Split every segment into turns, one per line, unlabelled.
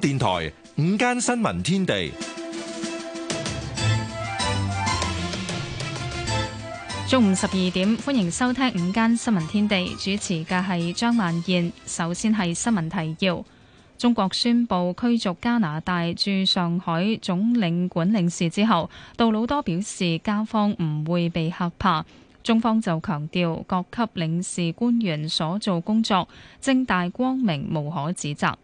電台午間新聞天地，
中午十二點，歡迎收聽午間新聞天地，主持嘅係張曼燕。首先係新聞提要：中國宣佈驅逐加拿大駐上海總領館領事之後，杜魯多表示加方唔會被嚇怕，中方就強調各級領事官員所做工作正大光明，無可指責。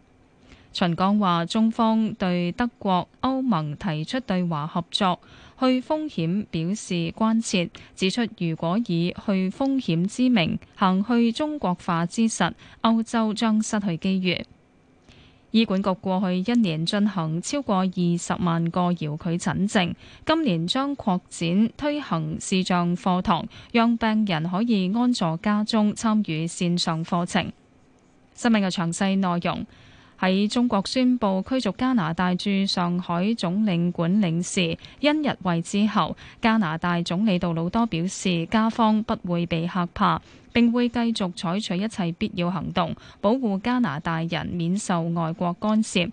秦剛話：中方對德國、歐盟提出對華合作去風險表示關切，指出如果以去風險之名行去中國化之實，歐洲將失去機遇。醫管局過去一年進行超過二十萬個遙距診症，今年將擴展推行視像課堂，讓病人可以安坐家中參與線上課程。新聞嘅詳細內容。喺中國宣布驅逐加拿大駐上海總領館領事甄逸慧之後，加拿大總理杜魯多表示，加方不會被嚇怕，並會繼續採取一切必要行動，保護加拿大人免受外國干涉。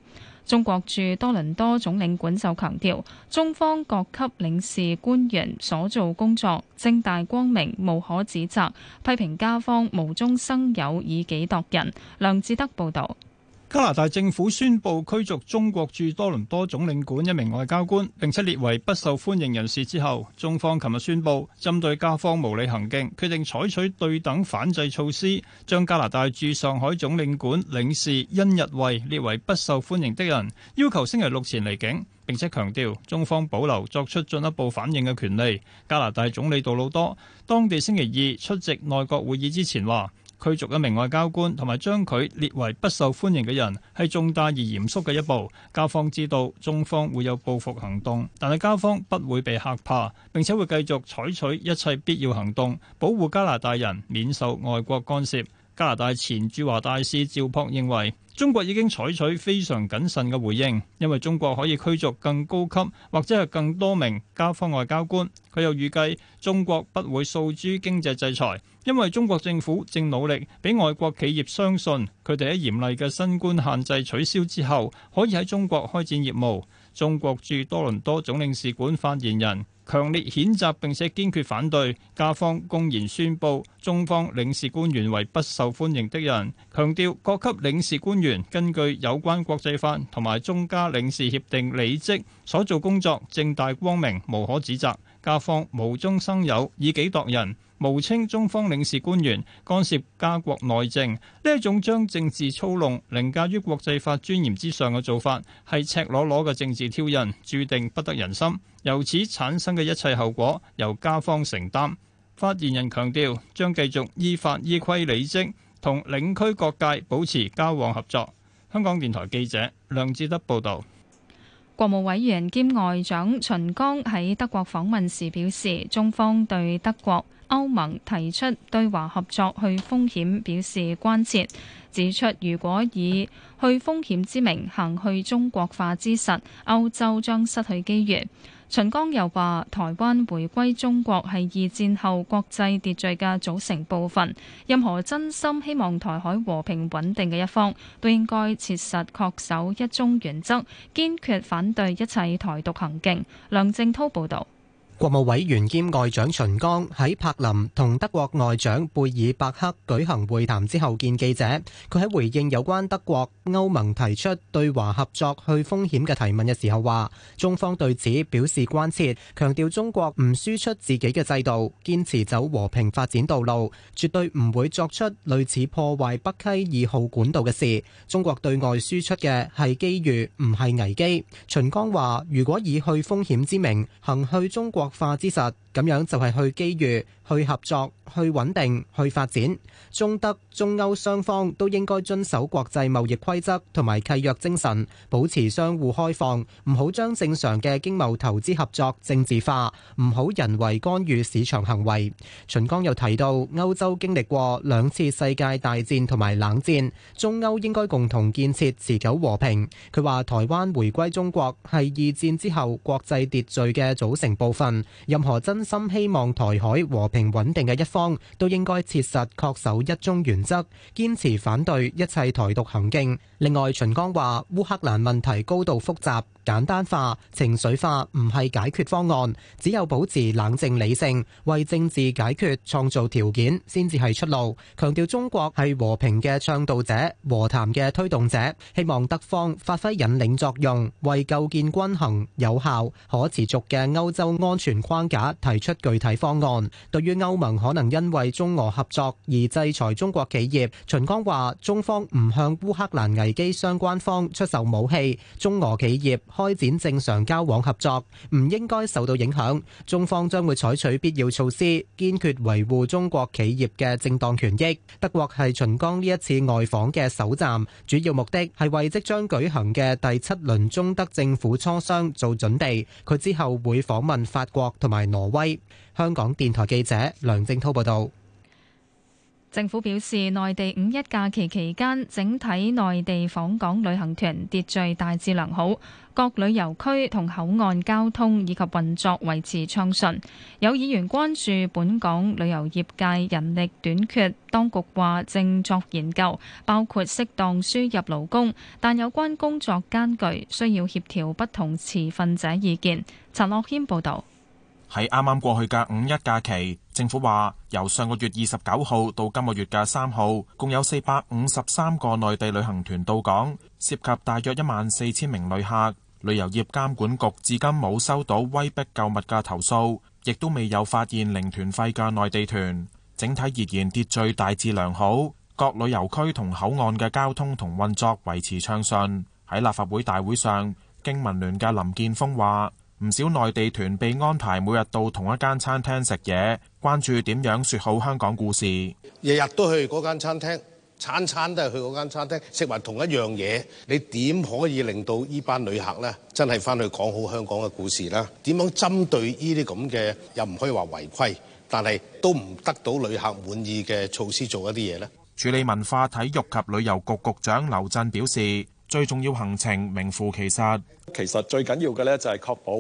中國駐多倫多總領館就強調，中方各級領事官員所做工作正大光明，無可指責，批評加方無中生有，以己度人。梁志德報導。
加拿大政府宣布驅逐中國駐多倫多總領館一名外交官，並且列為不受歡迎人士之後，中方琴日宣布針對加方無理行徑，決定採取對等反制措施，將加拿大駐上海總領館領事殷日衛列為不受歡迎的人，要求星期六前離境，並且強調中方保留作出進一步反應嘅權利。加拿大總理杜魯多當地星期二出席內閣會議之前話。驅逐一名外交官同埋將佢列為不受歡迎嘅人，係重大而嚴肅嘅一步。加方知道中方會有報復行動，但係加方不會被嚇怕，並且會繼續採取一切必要行動，保護加拿大人免受外國干涉。加拿大前駐華大使趙樸認為，中國已經採取非常謹慎嘅回應，因為中國可以驅逐更高級或者係更多名加方外交官。佢又預計中國不會訴諸經濟制裁。因為中國政府正努力俾外國企業相信，佢哋喺嚴厲嘅新冠限制取消之後，可以喺中國開展業務。中國駐多倫多總領事館發言人強烈譴責並且堅決反對，加方公然宣布中方領事官員為不受歡迎的人，強調各級領事官員根據有關國際法同埋中加領事協定履職所做工作正大光明，無可指責。加方無中生有、以己度人、冒稱中方領事官員干涉家國內政，呢一種將政治操弄凌駕於國際法尊嚴之上嘅做法，係赤裸裸嘅政治挑釁，注定不得人心。由此產生嘅一切後果，由加方承擔。發言人強調，將繼續依法依規履職，同領區各界保持交往合作。香港電台記者梁志德報道。
國務委員兼外長秦剛喺德國訪問時表示，中方對德國、歐盟提出對華合作去風險表示關切，指出如果以去風險之名行去中國化之實，歐洲將失去機遇。秦剛又話：台灣回歸中國係二戰後國際秩序嘅組成部分，任何真心希望台海和平穩定嘅一方，都應該切實確守一中原則，堅決反對一切台獨行徑。梁正滔報導。
國務委員兼外長秦剛喺柏林同德國外長貝爾伯克舉行會談之後見記者，佢喺回應有關德國歐盟提出對華合作去風險嘅提問嘅時候話，中方對此表示關切，強調中國唔輸出自己嘅制度，堅持走和平發展道路，絕對唔會作出類似破壞北溪二號管道嘅事。中國對外輸出嘅係機遇，唔係危機。秦剛話：如果以去風險之名行去中國。化之實。咁樣就係去機遇、去合作、去穩定、去發展。中德、中歐雙方都應該遵守國際貿易規則同埋契約精神，保持相互開放，唔好將正常嘅經貿投資合作政治化，唔好人為干預市場行為。秦剛又提到，歐洲經歷過兩次世界大戰同埋冷戰，中歐應該共同建設持久和平。佢話：台灣回歸中國係二戰之後國際秩序嘅組成部分，任何真心希望台海和平穩定嘅一方，都應該切實恪守一中原則，堅持反對一切台獨行徑。另外，秦剛話烏克蘭問題高度複雜。簡單化、情緒化唔係解決方案，只有保持冷靜理性，為政治解決創造條件，先至係出路。強調中國係和平嘅倡導者、和談嘅推動者，希望德方發揮引領作用，為構建均衡、有效、可持續嘅歐洲安全框架提出具體方案。對於歐盟可能因為中俄合作而制裁中國企業，秦剛話：中方唔向烏克蘭危機相關方出售武器，中俄企業。開展正常交往合作，唔應該受到影響。中方將會採取必要措施，堅決維護中國企業嘅正當權益。德國係秦剛呢一次外訪嘅首站，主要目的係為即將舉行嘅第七輪中德政府磋商做準備。佢之後會訪問法國同埋挪威。香港電台記者梁正濤報道。
政府表示，內地五一假期期間，整體內地訪港旅行團秩序大致良好，各旅遊區同口岸交通以及運作維持暢順，有議員關注本港旅遊業界人力短缺，當局話正作研究，包括適當輸入勞工，但有關工作艱鉅需要協調不同持份者意見。陳樂謙報道。
喺啱啱過去嘅五一假期。政府話：由上個月二十九號到今個月嘅三號，共有四百五十三個內地旅行團到港，涉及大約一萬四千名旅客。旅遊業監管局至今冇收到威逼購物嘅投訴，亦都未有發現零團費嘅內地團。整體而言，秩序大致良好，各旅遊區同口岸嘅交通同運作維持暢順。喺立法會大會上，經民聯嘅林建峰話。唔少內地團被安排每日到同一間餐廳食嘢，關注點樣說好香港故事。日日都去嗰間餐廳，餐餐都係去嗰間餐廳食埋同一樣嘢，你點可以令到呢班旅客呢真係翻去講好香港嘅故事啦？點樣針對呢啲咁嘅又唔可以話違規，但係都唔得到旅客滿意嘅措施做一啲嘢呢？處理文化體育及旅遊局局，局長劉震表示。最重要行程名副其實，其實最緊要嘅咧就係確保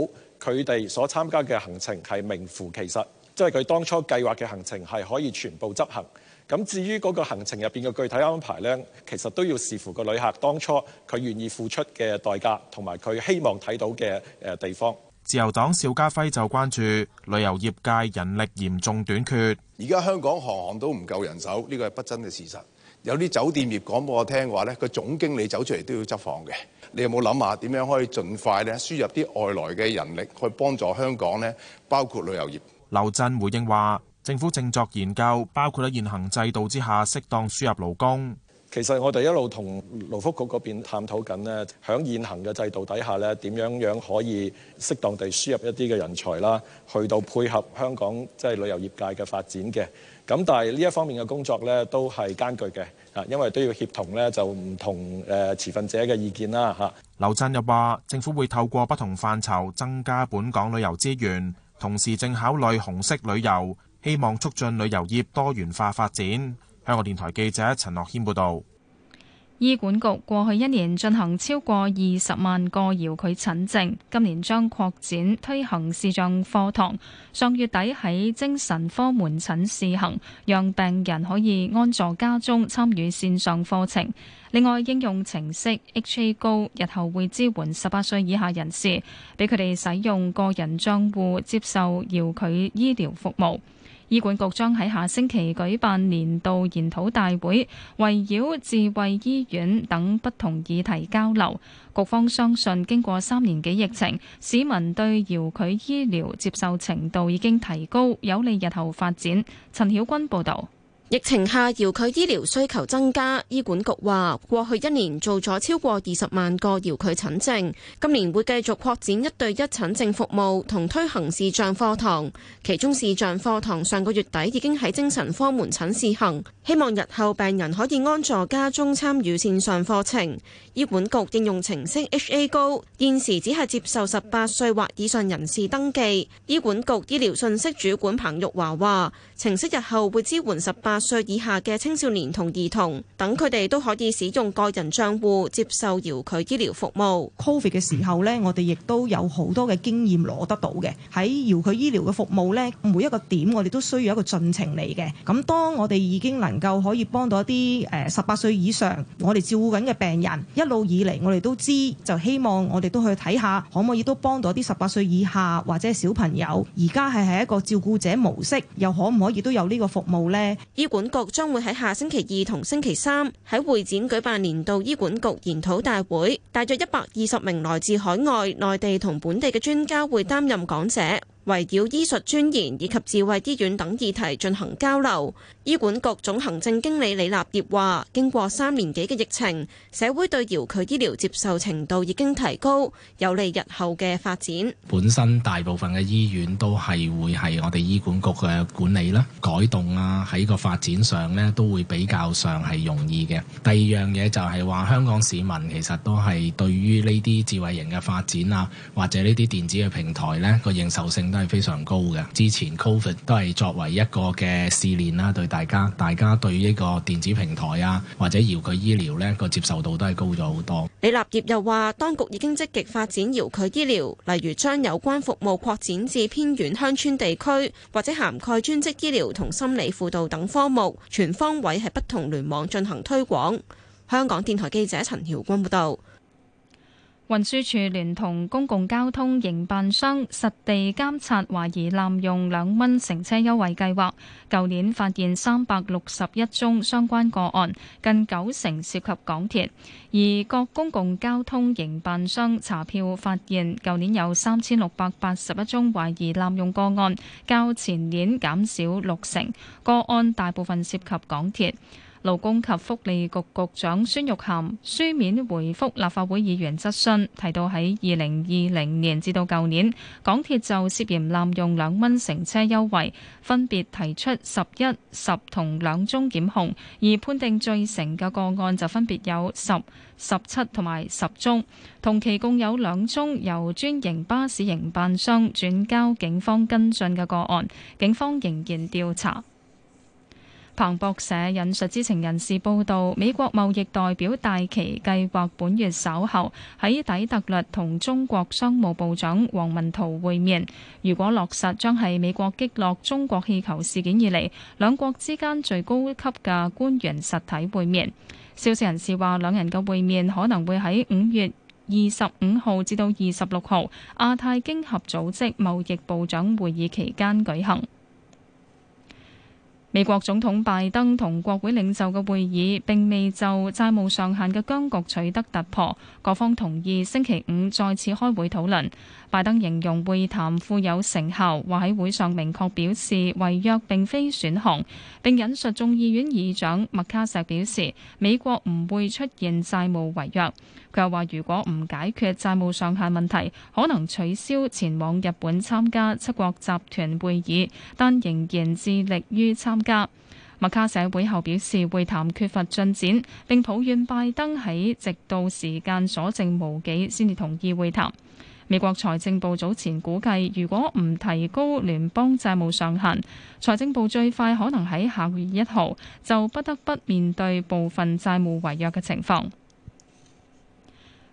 佢哋所參加嘅行程係名副其實，即係佢當初計劃嘅行程係可以全部執行。咁至於嗰個行程入邊嘅具體安排咧，其實都要視乎個旅客當初佢願意付出嘅代價同埋佢希望睇到
嘅誒地方。
自由黨邵家輝就關注旅遊業界人力嚴重短缺，
而家香港行行都唔夠人手，呢個係不爭嘅事實。有啲酒店業講俾我聽嘅話咧，個總經理走出嚟都要執房嘅。你有冇諗下點樣可以盡快咧輸入啲外來嘅人力去幫助香港咧？包括旅遊業。
劉振回應話：政府正作研究，包括喺現行制度之下適當輸入勞工。其實我哋一路同勞福局嗰邊探討緊呢，喺現行嘅制度底下咧，點樣樣可以適當地輸入一啲嘅人才啦，去到配合香港即係旅遊業界嘅發展嘅。咁但係呢一方面嘅工作咧，都係艱巨嘅，啊，因為都要協同咧，就唔同誒持份者嘅意見啦，嚇。劉振又話，政府會透過不同範疇增加本港旅遊資源，同時正考慮紅色旅遊，希望促進旅遊業多元化發展。香港電台記者陳樂軒報導。
醫管局過去一年進行超過二十萬個遙距診症，今年將擴展推行視像課堂。上月底喺精神科門診試行，讓病人可以安坐家中參與線上課程。另外，應用程式 HA 高日後會支援十八歲以下人士，俾佢哋使用個人賬戶接受遙距醫療服務。醫管局將喺下星期舉辦年度研討大會，圍繞智慧醫院等不同議題交流。局方相信，經過三年幾疫情，市民對遙距醫療接受程度已經提高，有利日後發展。陳曉君報道。
疫情下，遙距醫療需求增加，醫管局話過去一年做咗超過二十萬個遙距診症，今年會繼續擴展一對一診症服務同推行視像課堂。其中視像課堂上個月底已經喺精神科門診試行，希望日後病人可以安坐家中參與綫上課程。醫管局應用程式 HA 高現時只係接受十八歲或以上人士登記，醫管局醫療信息主管彭玉華話。程式日後會支援十八歲以下嘅青少年同兒童，等佢哋都可以使用個人帳戶接受遙距醫療服務。
COVID 嘅時候呢，我哋亦都有好多嘅經驗攞得到嘅。喺遙距醫療嘅服務呢，每一個點我哋都需要一個進程嚟嘅。咁當我哋已經能夠可以幫到一啲誒十八歲以
上，我哋照顧緊嘅病人一路以嚟，我哋都知就希望我哋都去睇下可唔可以都幫到一啲十八歲以下或者小朋友。而家係喺一個照顧者模式，
又可唔可以？亦都有呢個服務呢。
醫管局將會喺下星期二同星期三喺會展舉辦年度醫管局研討大會，大約一百二十名來自海外、內地同本地嘅專家會擔任講者。圍繞醫術尊嚴以及智慧醫院等議題進行交流。醫管局總行政經理李立業話，經過三年幾嘅疫情，社會對遙距醫療接受程度已經提高，有利日後嘅發展。
本身大部分嘅醫院都係會係我哋醫管局嘅管理啦，改動啊喺個發展上咧，都會比較上係容易嘅。第二樣嘢就係話香港市民其實都係對於呢啲智慧型嘅發展啊，或者呢啲電子嘅平台咧，個認受性。都係非常高嘅。之前 Covid 都係作為一個嘅試煉啦，對大家，大家對呢個電子平台啊，或者遙距醫療咧，個接受度都係高咗好多。
李立業又話，當局已經積極發展遙距醫療，例如將有關服務擴展至偏遠鄉村地區，或者涵蓋專職醫療同心理輔導等科目，全方位係不同聯網進行推廣。
香港電台記者陳
曉君報道。
運輸署聯同公共交通營辦商實地監察，懷疑濫用兩蚊乘車優惠計劃。舊年發現三百六十一宗相關個案，近九成涉及港鐵。而各公共交通營辦商查票發現，舊年有三千六百八十一宗懷疑濫用個案，較前年減少六成。個案大部分涉及港鐵。勞工及福利局局長孫玉菡書面回覆立法會議員質詢，提到喺二零二零年至到舊年，港鐵就涉嫌濫用兩蚊乘車優惠，分別提出十一、十同兩宗檢控，而判定罪成嘅個案就分別有十、十七同埋十宗。同期共有兩宗由專營巴士營辦商轉交警方跟進嘅個案，警方仍然調查。彭博社引述知情人士報道，美國貿易代表戴琪計劃本月稍後喺底特律同中國商務部長王文濤會面。如果落實將係美國擊落中國氣球事件以嚟兩國之間最高級嘅官員實體會面。消息人士話兩人嘅會面可能會喺五月二十五號至到二十六號亞太經合組織貿易部長會議期間舉行。美國總統拜登同國會領袖嘅會議，並未就債務上限嘅僵局取得突破，各方同意星期五再次開會討論。拜登形容會談富有成效，話喺會上明確表示違約並非選項，並引述眾議院議長麥卡錫表示美國唔會出現債務違約。佢又話如果唔解決債務上限問題，可能取消前往日本參加七國集團會議，但仍然致力於參。麥卡錫會後表示，會談缺乏進展，並抱怨拜登喺直到時間所剩無幾先至同意會談。美國財政部早前估計，如果唔提高聯邦債務上限，財政部最快可能喺下月一號就不得不面對部分債務違約嘅情況。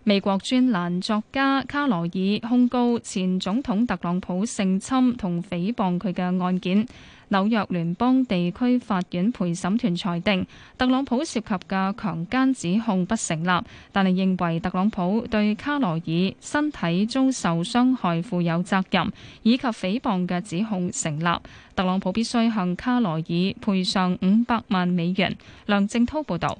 美國專欄作家卡羅爾控告前總統特朗普性侵同誹謗佢嘅案件。紐約聯邦地區法院陪審團裁定，特朗普涉及嘅強姦指控不成立，但係認為特朗普對卡羅爾身體遭受傷害負有責任，以及誹謗嘅指控成立。特朗普必須向卡羅爾賠償五百萬美元。梁正濤報導。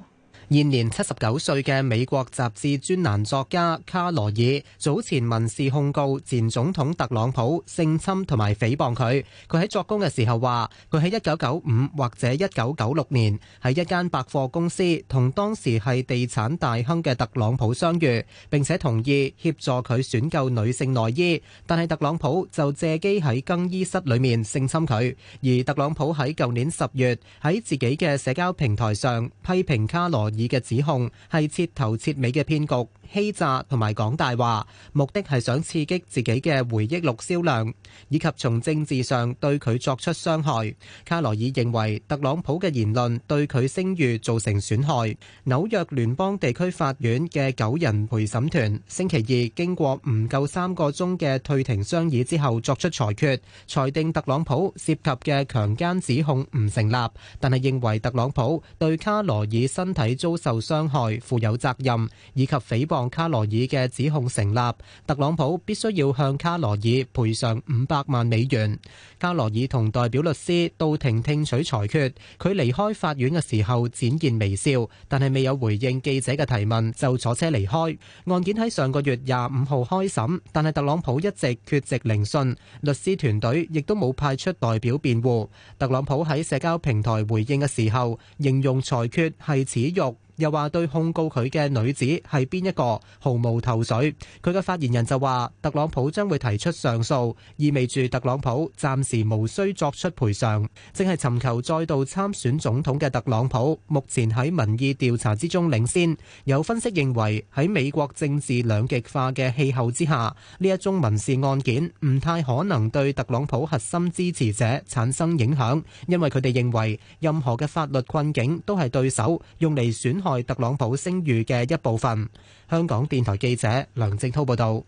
現年七十九歲嘅美國雜誌專欄作家卡羅爾早前民事控告前總統特朗普性侵同埋誹謗佢。佢喺作供嘅時候話，佢喺一九九五或者一九九六年喺一間百貨公司同當時係地產大亨嘅特朗普相遇，並且同意協助佢選購女性內衣，但係特朗普就借機喺更衣室裏面性侵佢。而特朗普喺舊年十月喺自己嘅社交平台上批評卡羅爾。嘅指控係徹頭徹尾嘅騙局。欺詐同埋講大話，目的係想刺激自己嘅回憶錄銷量，以及從政治上對佢作出傷害。卡羅爾認為特朗普嘅言論對佢聲譽造成損害。紐約聯邦地區法院嘅九人陪審團星期二經過唔夠三個鐘嘅退庭商議之後作出裁決，裁定特朗普涉及嘅強姦指控唔成立，但係認為特朗普對卡羅爾身體遭受傷害負有責任，以及誹謗。向卡羅爾嘅指控成立，特朗普必須要向卡羅爾賠償五百萬美元。卡羅爾同代表律師到庭聽取裁決，佢離開法院嘅時候展現微笑，但係未有回應記者嘅提問就坐車離開。案件喺上個月廿五號開審，但係特朗普一直缺席聆訊，律師團隊亦都冇派出代表辯護。特朗普喺社交平台回應嘅時候，形容裁決係恥辱。又話對控告佢嘅女子係邊一個，毫無頭緒。佢嘅發言人就話，特朗普將會提出上訴，意味住特朗普暫時無需作出賠償。正係尋求再度參選總統嘅特朗普，目前喺民意調查之中領先。有分析認為，喺美國政治兩極化嘅氣候之下，呢一宗民事案件唔太可能對特朗普核心支持者產生影響，因為佢哋認為任何嘅法律困境都係對手用嚟選項外特朗普聲譽嘅一部分。香港電台記者梁正濤報道。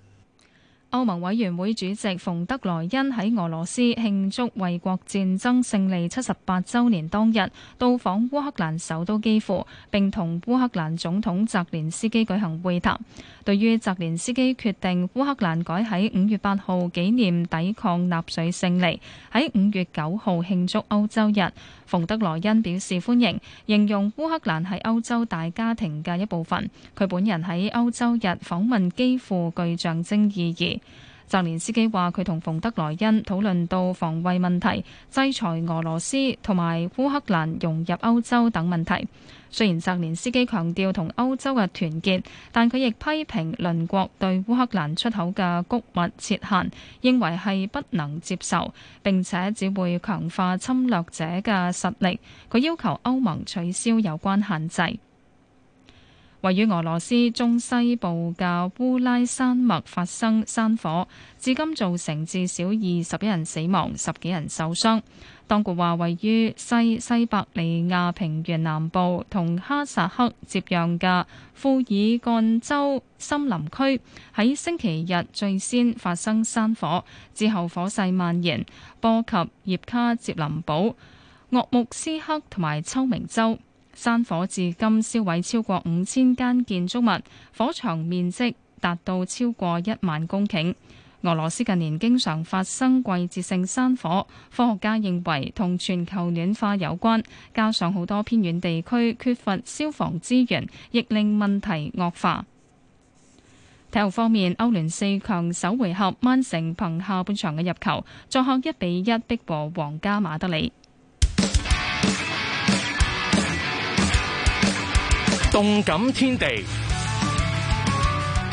歐盟委員會主席馮德萊恩喺俄羅斯慶祝衛國戰爭勝利七十八週年當日到訪烏克蘭首都基輔，並同烏克蘭總統澤連斯基舉行會談。對於澤連斯基決定烏克蘭改喺五月八號紀念抵抗納粹勝利，喺五月九號慶祝歐洲日，馮德萊恩表示歡迎，形容烏克蘭係歐洲大家庭嘅一部分。佢本人喺歐洲日訪問基輔，具象徵意義。澤連斯基話佢同馮德萊恩討論到防衛問題、制裁俄羅斯同埋烏克蘭融入歐洲等問題。雖然澤連斯基強調同歐洲嘅團結，但佢亦批評鄰國對烏克蘭出口嘅穀物切限，認為係不能接受，並且只會強化侵略者嘅實力。佢要求歐盟取消有關限制。位於俄羅斯中西部嘅烏拉山脈發生山火，至今造成至少二十一人死亡、十幾人受傷。當局話，位於西西伯利亞平原南部同哈薩克接壤嘅庫爾干州森林區喺星期日最先發生山火，之後火勢蔓延，波及葉卡捷林堡、鄂木斯克同埋秋明州。山火至今燒毀超過五千間建築物，火場面積達到超過一萬公頃。俄羅斯近年經常發生季節性山火，科學家認為同全球暖化有關，加上好多偏遠地區缺乏消防資源，亦令問題惡化。體育方面，歐聯四強首回合，曼城憑下半場嘅入球，作客一比一逼和皇家馬德里。動感天地，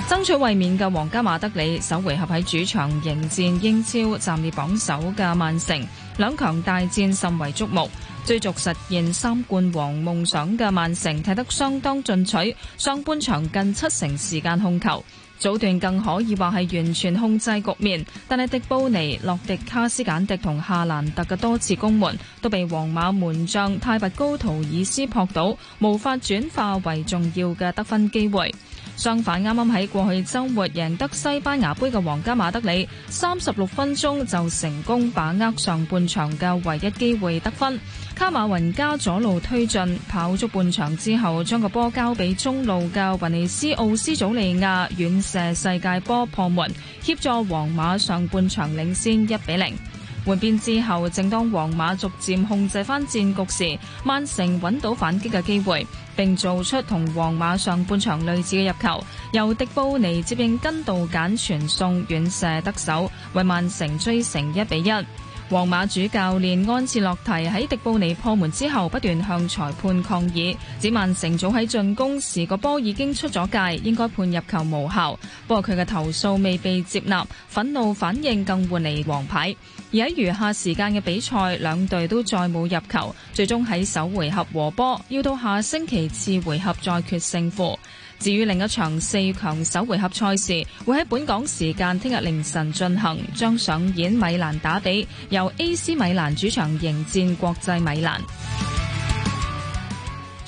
爭取衛冕嘅皇家馬德里首回合喺主場迎戰英超暫列榜首嘅曼城，兩強大戰甚為矚目。追逐實現三冠王夢想嘅曼城，踢得相當進取，上半場近七成時間控球。早段更可以話係完全控制局面，但係迪布尼、洛迪、卡斯簡迪同夏蘭特嘅多次攻門都被皇馬門將泰拔高圖爾斯撲到，無法轉化為重要嘅得分機會。相反，啱啱喺過去周末贏得西班牙杯嘅皇家馬德里，三十六分鐘就成功把握上半場嘅唯一機會得分。卡馬雲加左路推進，跑足半場之後，將個波交俾中路嘅雲尼斯奧斯祖利亞遠射世界波破門，協助皇馬上半場領先一比零。換邊之後，正當皇馬逐漸控制翻戰局時，曼城揾到反擊嘅機會，並做出同皇馬上半場類似嘅入球。由迪布尼接應根道簡傳送遠射得手，為曼城追成一比一。皇馬主教練安切洛蒂喺迪布尼破門之後，不斷向裁判抗議，指曼城早喺進攻時個波已經出咗界，應該判入球無效。不過佢嘅投訴未被接納，憤怒反應更換嚟黃牌。而喺餘下時間嘅比賽，兩隊都再冇入球，最終喺首回合和波，要到下星期次回合再決勝負。至於另一場四強首回合賽事，會喺本港時間聽日凌晨進行，將上演米蘭打比，由 AC 米蘭主場迎戰國際米蘭。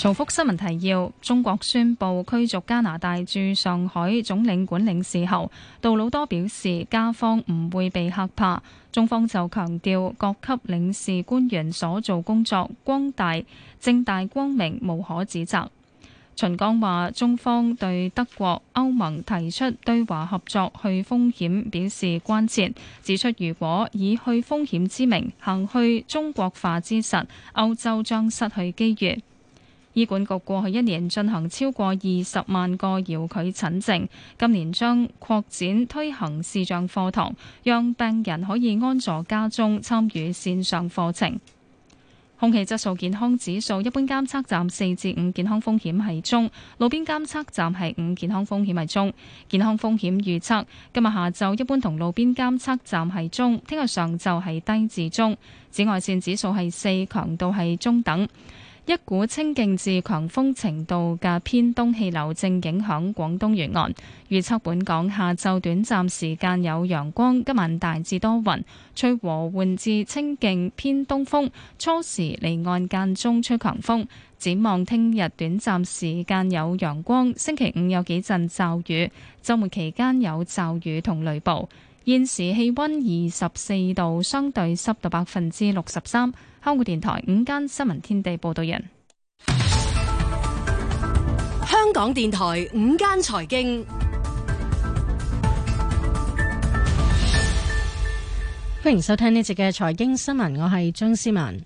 重複新聞提要：中國宣佈驅逐加拿大駐上海總領館領事後，杜魯多表示加方唔會被嚇怕。中方就強調各級領事官員所做工作光大正大光明，無可指責。秦剛話：中方對德國、歐盟提出對華合作去風險表示關切，指出如果以去風險之名行去中國化之實，歐洲將失去機遇。醫管局過去一年進行超過二十萬個遙距診症，今年將擴展推行視像課堂，讓病人可以安坐家中參與線上課程。空氣質素健康指數一般監測站四至五，健康風險係中，路邊監測站係五，健康風險係中。健康風險預測，今日下晝一般同路邊監測站係中，聽日上晝係低至中。紫外線指數係四，強度係中等。一股清勁至強風程度嘅偏東氣流正影響廣東沿岸，預測本港下晝短暫時間有陽光，今晚大致多雲，吹和緩至清勁偏東風，初時離岸間中吹強風。展望聽日短暫時間有陽光，星期五有幾陣驟雨，週末期間有驟雨同雷暴。現時氣温二十四度，相對濕度百分之六十三。香港電台午間新聞天地報道人，香港
電台午間財經，歡迎收聽呢集嘅財經新聞，我係張思文。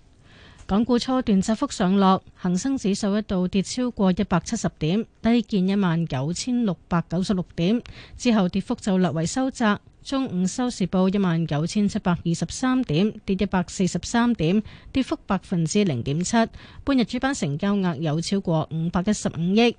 港股初段窄幅上落，恒生指數一度跌超過一百七十點，低見一萬九千六百九十六點，之後跌幅就略為收窄。中午收市報一萬九千七百二十三點，跌一百四十三點，跌幅百分之零點七。半日主板成交額有超過五百一十五億。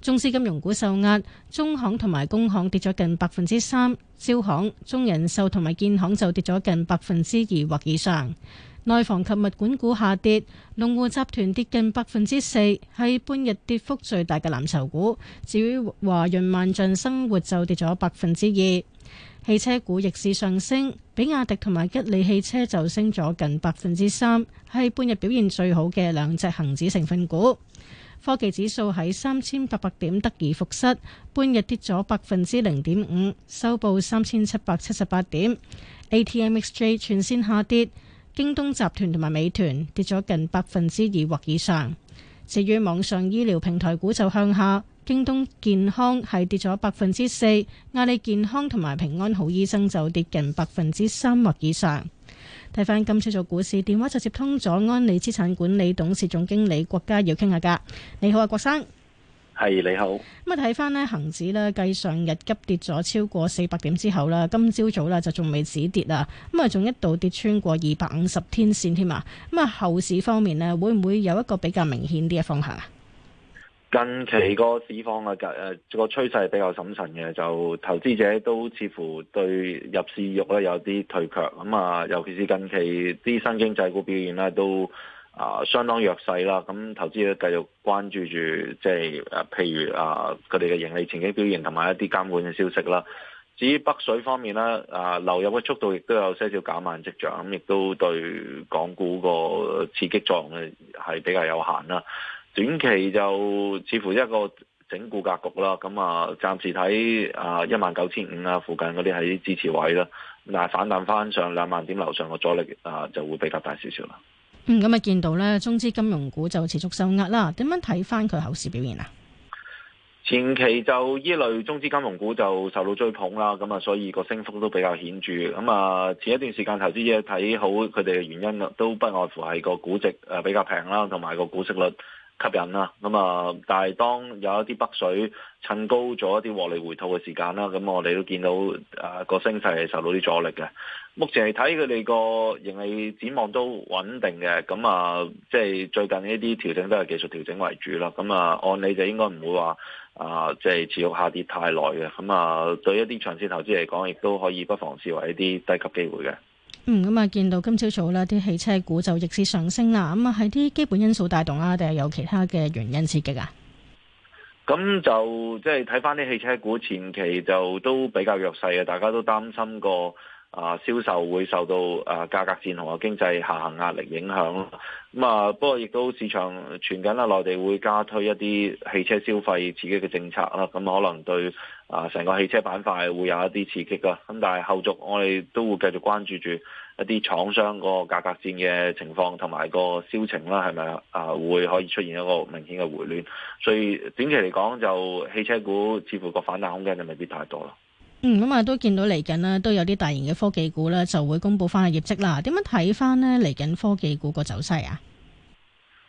中資金融股受壓，中行同埋工行跌咗近百分之三，招行、中人壽同埋建行就跌咗近百分之二或以上。內房及物管股下跌，龍湖集團跌近百分之四，係半日跌幅最大嘅藍籌股。至於華潤萬象生活就跌咗百分之二。汽車股逆市上升，比亞迪同埋吉利汽車就升咗近百分之三，係半日表現最好嘅兩隻恒指成分股。科技指數喺三千八百點得以復失，半日跌咗百分之零點五，收報三千七百七十八點。ATMXJ 全線下跌，京東集團同埋美團跌咗近百分之二或以上。至於網上醫療平台股就向下。京東健康係跌咗百分之四，阿里健康同埋平安好醫生就跌近百分之三或以上。睇翻今朝早股市，電話就接通咗安利資產管理董事總經理郭家耀傾下噶。你好啊，郭生。
係你
好。咁啊，睇翻呢恒指呢，繼上日急跌咗超過四百點之後啦，今朝早啦就仲未止跌啊，咁啊，仲一度跌穿過二百五十天線添啊。咁啊，後市方面呢，會唔會有一個比較明顯啲嘅方向啊？
近期個市況嘅誒個趨勢比較審慎嘅，就投資者都似乎對入市欲咧有啲退卻。咁啊，尤其是近期啲新經濟股表現咧都啊相當弱勢啦。咁投資者繼續關注住，即係誒譬如啊佢哋嘅盈利前景表現同埋一啲監管嘅消息啦。至於北水方面咧，啊流入嘅速度亦都有些少減慢跡象，咁亦都對港股個刺激作用嘅係比較有限啦。短期就似乎一個整固格局啦，咁、嗯、啊，暫時睇啊一萬九千五啊附近嗰啲喺支持位啦，嗱，反彈翻上兩萬點樓上個阻力啊、呃、就會比較大少少啦。
嗯，咁啊見到咧，中資金融股就持續受壓啦。點樣睇翻佢後市表現啊？
前期就依類中資金融股就受到追捧啦，咁、嗯、啊，所以個升幅都比較顯著。咁、嗯、啊，前一段時間投資者睇好佢哋嘅原因，都不外乎係個估值誒、呃、比較平啦，同埋個股息率、率，吸引啦，咁啊，但係當有一啲北水趁高咗一啲獲利回吐嘅時間啦，咁我哋都見到啊個升勢係受到啲阻力嘅。目前嚟睇佢哋個盈利展望都穩定嘅，咁啊，即係最近呢啲調整都係技術調整為主啦。咁啊，按理就應該唔會話啊，即係持續下跌太耐嘅。咁啊，對一啲長線投資嚟講，亦都可以不妨視為一啲低級機會嘅。
嗯，咁、嗯、啊，見到今朝早啦，啲汽車股就逆市上升啦。咁、嗯、啊，係啲基本因素帶動啊，定係有其他嘅原因刺激啊？
咁就即係睇翻啲汽車股前期就都比較弱勢啊，大家都擔心過。啊，銷售會受到啊價格戰同啊經濟下行壓力影響咯。咁啊，不過亦都市場傳緊啦，內地會加推一啲汽車消費刺激嘅政策啦。咁、啊嗯、可能對啊成個汽車板塊會有一啲刺激噶。咁、啊、但係後續我哋都會繼續關注住一啲廠商個價格戰嘅情況同埋個銷情啦，係咪啊會可以出現一個明顯嘅回暖？所以短期嚟講，就汽車股似乎個反彈空間就未必太多啦。
嗯，咁啊都見到嚟緊啦，都有啲大型嘅科技股啦，就會公布翻個業績啦。點樣睇翻咧？嚟緊科技股個走勢啊？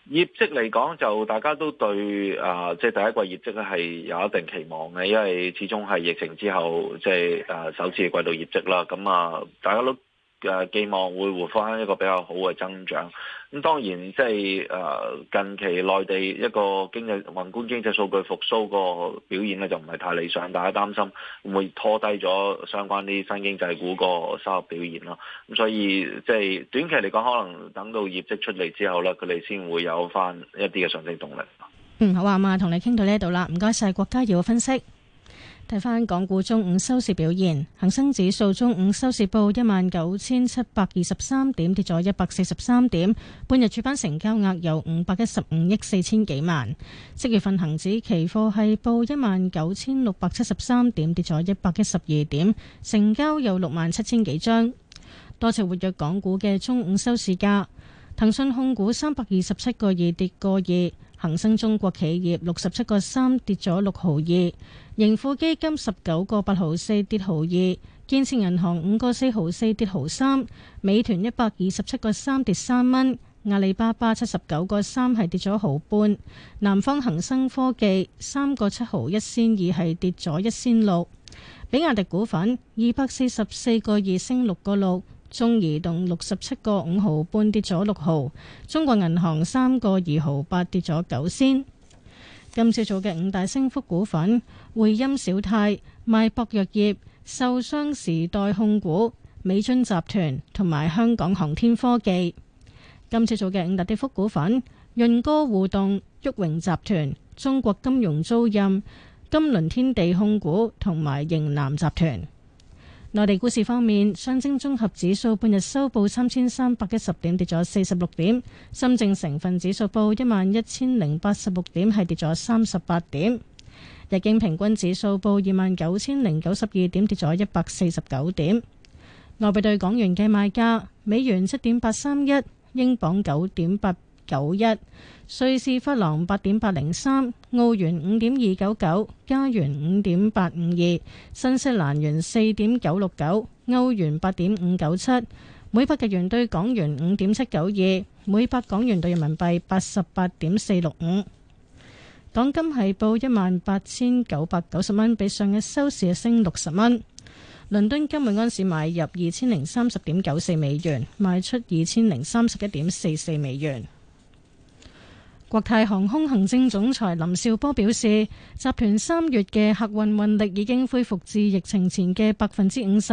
業績嚟講，就大家都對啊、呃，即係第一季業績咧係有一定期望嘅，因為始終係疫情之後，即係啊、呃、首次季度業績啦。咁、嗯、啊，大家都。誒，寄望會回翻一個比較好嘅增長。咁當然即係誒近期內地一個經濟宏觀經濟數據復甦個表現咧，就唔係太理想。大家擔心會唔會拖低咗相關啲新經濟股個收入表現咯。咁所以即係、就是、短期嚟講，可能等到業績出嚟之後咧，佢哋先會有翻一啲嘅上升動力。嗯，
好啊，咁同你傾到呢一度啦，唔該晒郭嘉耀分析。睇翻港股中午收市表現，恒生指數中午收市報一萬九千七百二十三點，跌咗一百四十三點。半日主板成交額有五百一十五億四千幾萬。即月份恒指期貨係報一萬九千六百七十三點，跌咗一百一十二點，成交有六萬七千幾張。多隻活躍港股嘅中午收市價，騰訊控股三百二十七個二跌個二。恒生中國企業六十七個三跌咗六毫二，盈富基金十九個八毫四跌毫二，建設銀行五個四毫四跌毫三，美團一百二十七個三跌三蚊，阿里巴巴七十九個三係跌咗毫半，南方恒生科技三個七毫一仙二係跌咗一仙六，比亞迪股份二百四十四個二升六個六。中移動六十七個五毫半跌咗六毫，中國銀行三個二毫八跌咗九仙。今次做嘅五大升幅股份：匯音小泰、邁博藥業、壽商時代控股、美津集團同埋香港航天科技。今次做嘅五大跌幅股份：潤歌互動、旭榮集團、中國金融租賃、金輪天地控股同埋盈南集團。內地股市方面，上證綜合指數半日收報三千三百一十點，跌咗四十六點；深證成分指數報一萬一千零八十六點，係跌咗三十八點；日經平均指數報二萬九千零九十二點，跌咗一百四十九點。外幣對港元嘅賣價，美元七點八三一，英鎊九點八。九一瑞士法郎八點八零三，澳元五點二九九，加元五點八五二，新西蘭元四點九六九，歐元八點五九七，每百日元對港元五點七九二，每百港元兌人民幣八十八點四六五。港金係報一萬八千九百九十蚊，比上日收市升六十蚊。倫敦今日安市買入二千零三十點九四美元，賣出二千零三十一點四四美元。國泰航空行政總裁林紹波表示，集團三月嘅客運運力已經恢復至疫情前嘅百分之五十，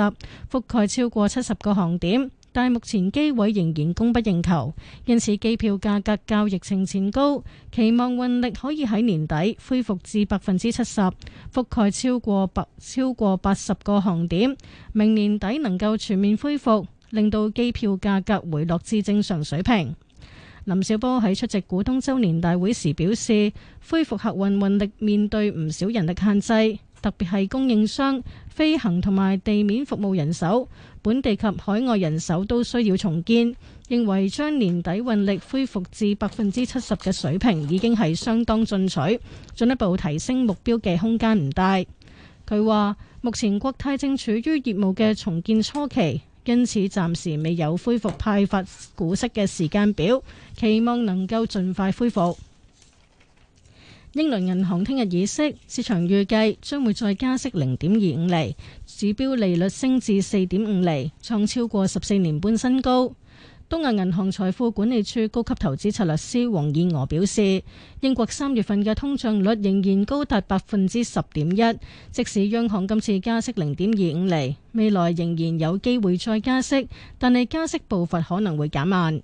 覆蓋超過七十個航點，但目前機位仍然供不應求，因此機票價格較疫情前高。期望運力可以喺年底恢復至百分之七十，覆蓋超過百超過八十個航點，明年底能夠全面恢復，令到機票價格回落至正常水平。林紹波喺出席股東周年大會時表示，恢復客運運力面對唔少人力限制，特別係供應商、飛行同埋地面服務人手，本地及海外人手都需要重建。認為將年底運力恢復至百分之七十嘅水平已經係相當進取，進一步提升目標嘅空間唔大。佢話目前國泰正處於業務嘅重建初期。因此，暫時未有恢復派發股息嘅時間表，期望能夠盡快恢復。英倫銀行聽日議息，市場預計將會再加息零點二五厘，指標利率升至四點五厘，創超過十四年半新高。東亞銀行財富管理處高級投資策略師黃燕娥表示，英國三月份嘅通脹率仍然高達百分之十點一，即使央行今次加息零點二五厘，未來仍然有機會再加息，但係加息步伐可能會減慢。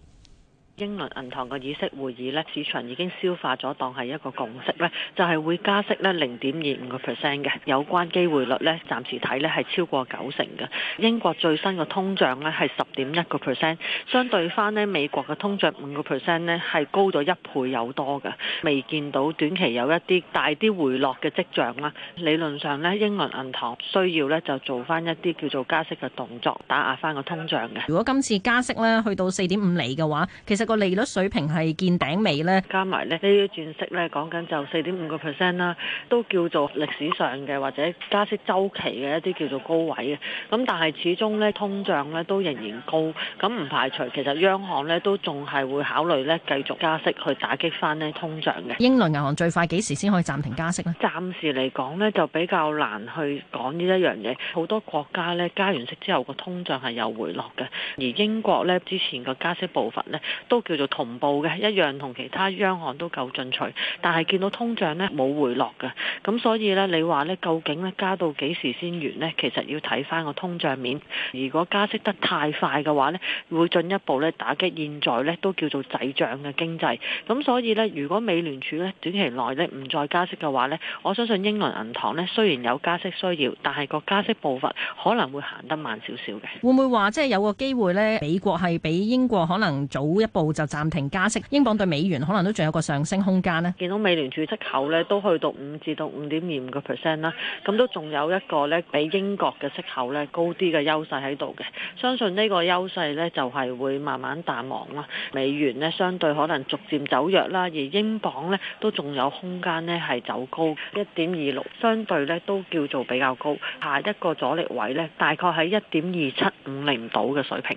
英倫銀行嘅議息會議咧，市場已經消化咗，當係一個共識咧，就係、是、會加息咧零點二五個 percent 嘅。有關機會率咧，暫時睇咧係超過九成嘅。英國最新嘅通脹咧係十點一個 percent，相對翻咧美國嘅通脹五個 percent 咧係高咗一倍有多嘅。未見到短期有一啲大啲回落嘅跡象啦。理論上咧，英倫銀行需要咧就做翻一啲叫做加息嘅動作，打壓翻個通脹嘅。
如果今次加息咧去到四點五厘嘅話，其實個利率水平係
見頂未呢，加埋咧呢啲轉息呢，講緊就四點五個 percent 啦，都叫做歷史上嘅或者加息周期嘅一啲叫做高位嘅。咁但係始終呢，通脹呢都仍然高，咁唔排除其實央行呢都仲係會考慮呢繼續加息去打擊翻呢通脹嘅。英
倫銀行最快幾時先可以暫停加息咧？暫
時嚟講呢，就比較難去講呢一樣嘢。好多國家呢，加完息之後個通脹係有回落嘅，而英國呢，之前個加息步伐呢。都叫做同步嘅，一樣同其他央行都夠進取，但係見到通脹咧冇回落嘅，咁所以咧，你話咧究竟咧加到幾時先完咧？其實要睇翻個通脹面，如果加息得太快嘅話咧，會進一步咧打擊現在咧都叫做滯脹嘅經濟，咁所以咧，如果美聯儲咧短期內咧唔再加息嘅話咧，我相信英倫銀行咧雖然有加息需要，但係個加息步伐可能會行得慢少少嘅。
會唔會話即係有個機會咧？美國係比英國可能早一步？就暫停加息，英鎊對美元可能都仲有個上升空間呢。
見到美聯儲息口咧都去到五至到五點二五個 percent 啦，咁都仲有一個咧比英國嘅息口咧高啲嘅優勢喺度嘅。相信個優勢呢個優勢咧就係、是、會慢慢淡忘啦。美元呢相對可能逐漸走弱啦，而英鎊呢都仲有空間呢係走高一點二六，相對咧都叫做比較高。下一個阻力位呢大概喺一點二七五零到嘅水平。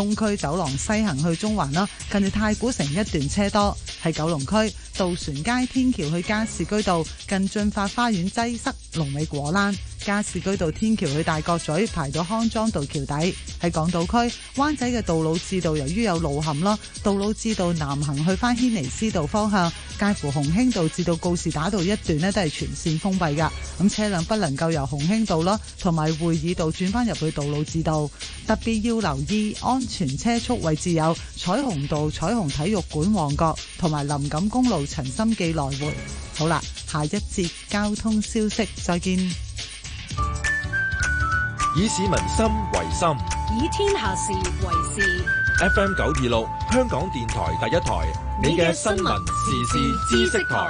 東區走廊西行去中環啦，近住太古城一段車多，喺九龍區渡船街天橋去加士居道近駿發花園擠塞，龍尾果欄。加士居道天橋去大角咀排到康莊道橋底。喺港島區，灣仔嘅杜老誌道由於有路陷啦，杜老誌道南行去翻軒尼詩道方向，介乎鴻興道至到告士打道一段呢，都係全線封閉噶，咁車輛不能夠由鴻興道咯，同埋會議道轉翻入去杜老誌道。特別要留意安全車速位置有彩虹道、彩虹體育館、旺角同埋林錦公路陳心記來回。好啦，下一節交通消息，再見。
以市民心為心，
以天下事為事。
FM 九二六，香港電台第一台，你嘅新聞、時事示、知識台。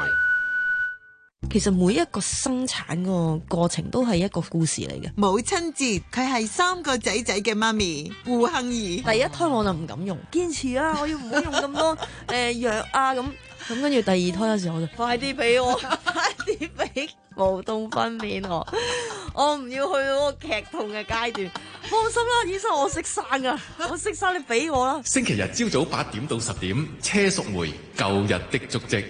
其實每一個生產嘅過程都係一個故事嚟嘅。母親節，佢係三個仔仔嘅媽咪胡杏兒。第一胎我就唔敢用，堅持啊！我要唔好用咁多誒藥、 呃、啊咁。咁跟住第二胎有時候我就快啲俾我，
快啲俾無痛分娩我，
我唔要去嗰個劇痛嘅階段。放心啦，醫生，我識生㗎，我識生，你俾我啦。星期日朝
早八點到十點，車淑梅《舊日的足跡》，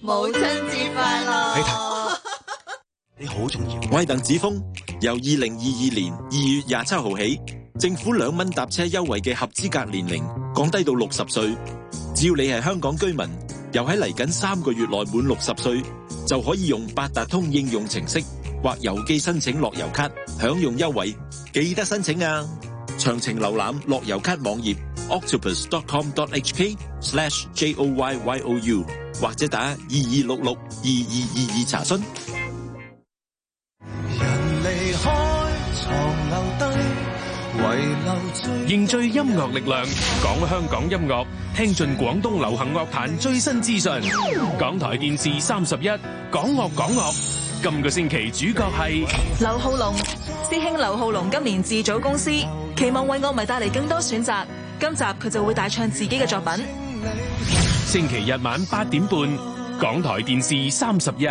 母親節
快樂。
你好重要。我係鄧子峯，由二零二二年二月廿七號起，政府兩蚊搭車優惠嘅合資格年齡降低到六十歲，只要你係香港居民。又喺嚟緊三個月內滿六十歲，就可以用八達通應用程式或郵寄申請樂悠咭，享用優惠。記得申請啊！詳情瀏覽樂悠咭網頁 octopus.com.hk/slash joyyou，或者打二二六六二二二二查詢。凝聚音樂力量，講香港音樂，聽盡廣東流行樂壇最新資訊。港台電視三十一，講樂講樂。今個星期主角係
劉浩龍師兄，劉浩
龍今年自組公司，期望為我咪帶嚟更多選擇。今集佢就會大唱自己
嘅作品。
星期日晚八點半，港台電視三十
一。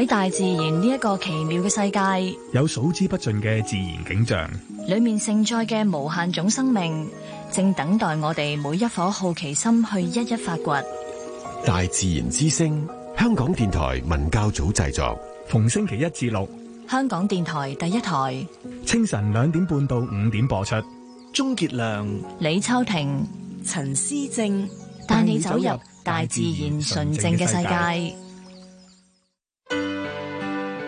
喺大自然呢一個奇妙嘅世界，
有數之不盡嘅自然景象，
裏面盛載嘅無限種生
命，正等待我哋每一顆好奇心去一一發掘。
大自然之聲，香港電台文教組製作，逢星期一至六，
香港電台第一台，
清晨兩點半到五點播出。鍾潔良、
李秋婷、陳思正帶你走入大自然純正嘅世界。